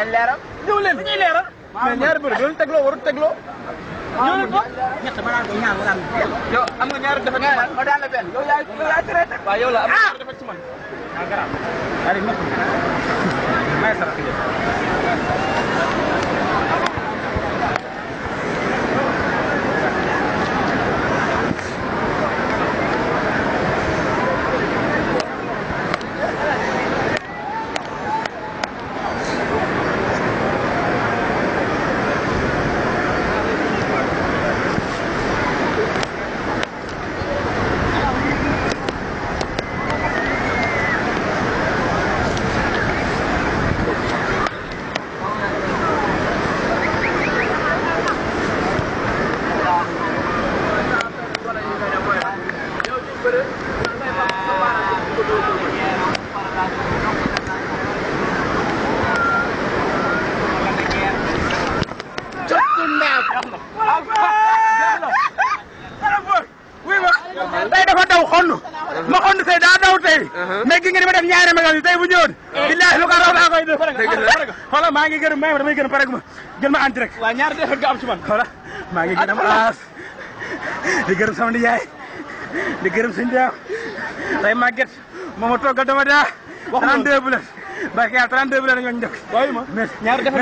kañ leeral. ñëw leen bu ñuy leeral. mais ñaari bëri doon tegloo warut tegloo. ñëw leen ko. ñett ma naan ko ñaar ma daan ko. yow am nga ñaari defar ci man ma daan la benn yow yaay yow yaay traité. waaw yow la am nga ah! defar ci man. ah garaaw. maa ngi tey dafa daw xonn ma xonn tey daa daw tey mais uh-huh. gi nga ni ma def ñaari magal yi tey bu ñëwoon eh. billahi lu raw laa koy def xoola maa ngi gën may ma damay gën paregu ma jël ma en direct waaw ñaari defet nga am ci man xoola maa ngi gën am aas di gërëm sama yaay di gërëm sëñ Dia tey màgget moo ma toggal dama daa. wax nga 32 bulet barke yàlla 32 bulet la ñu njëkk.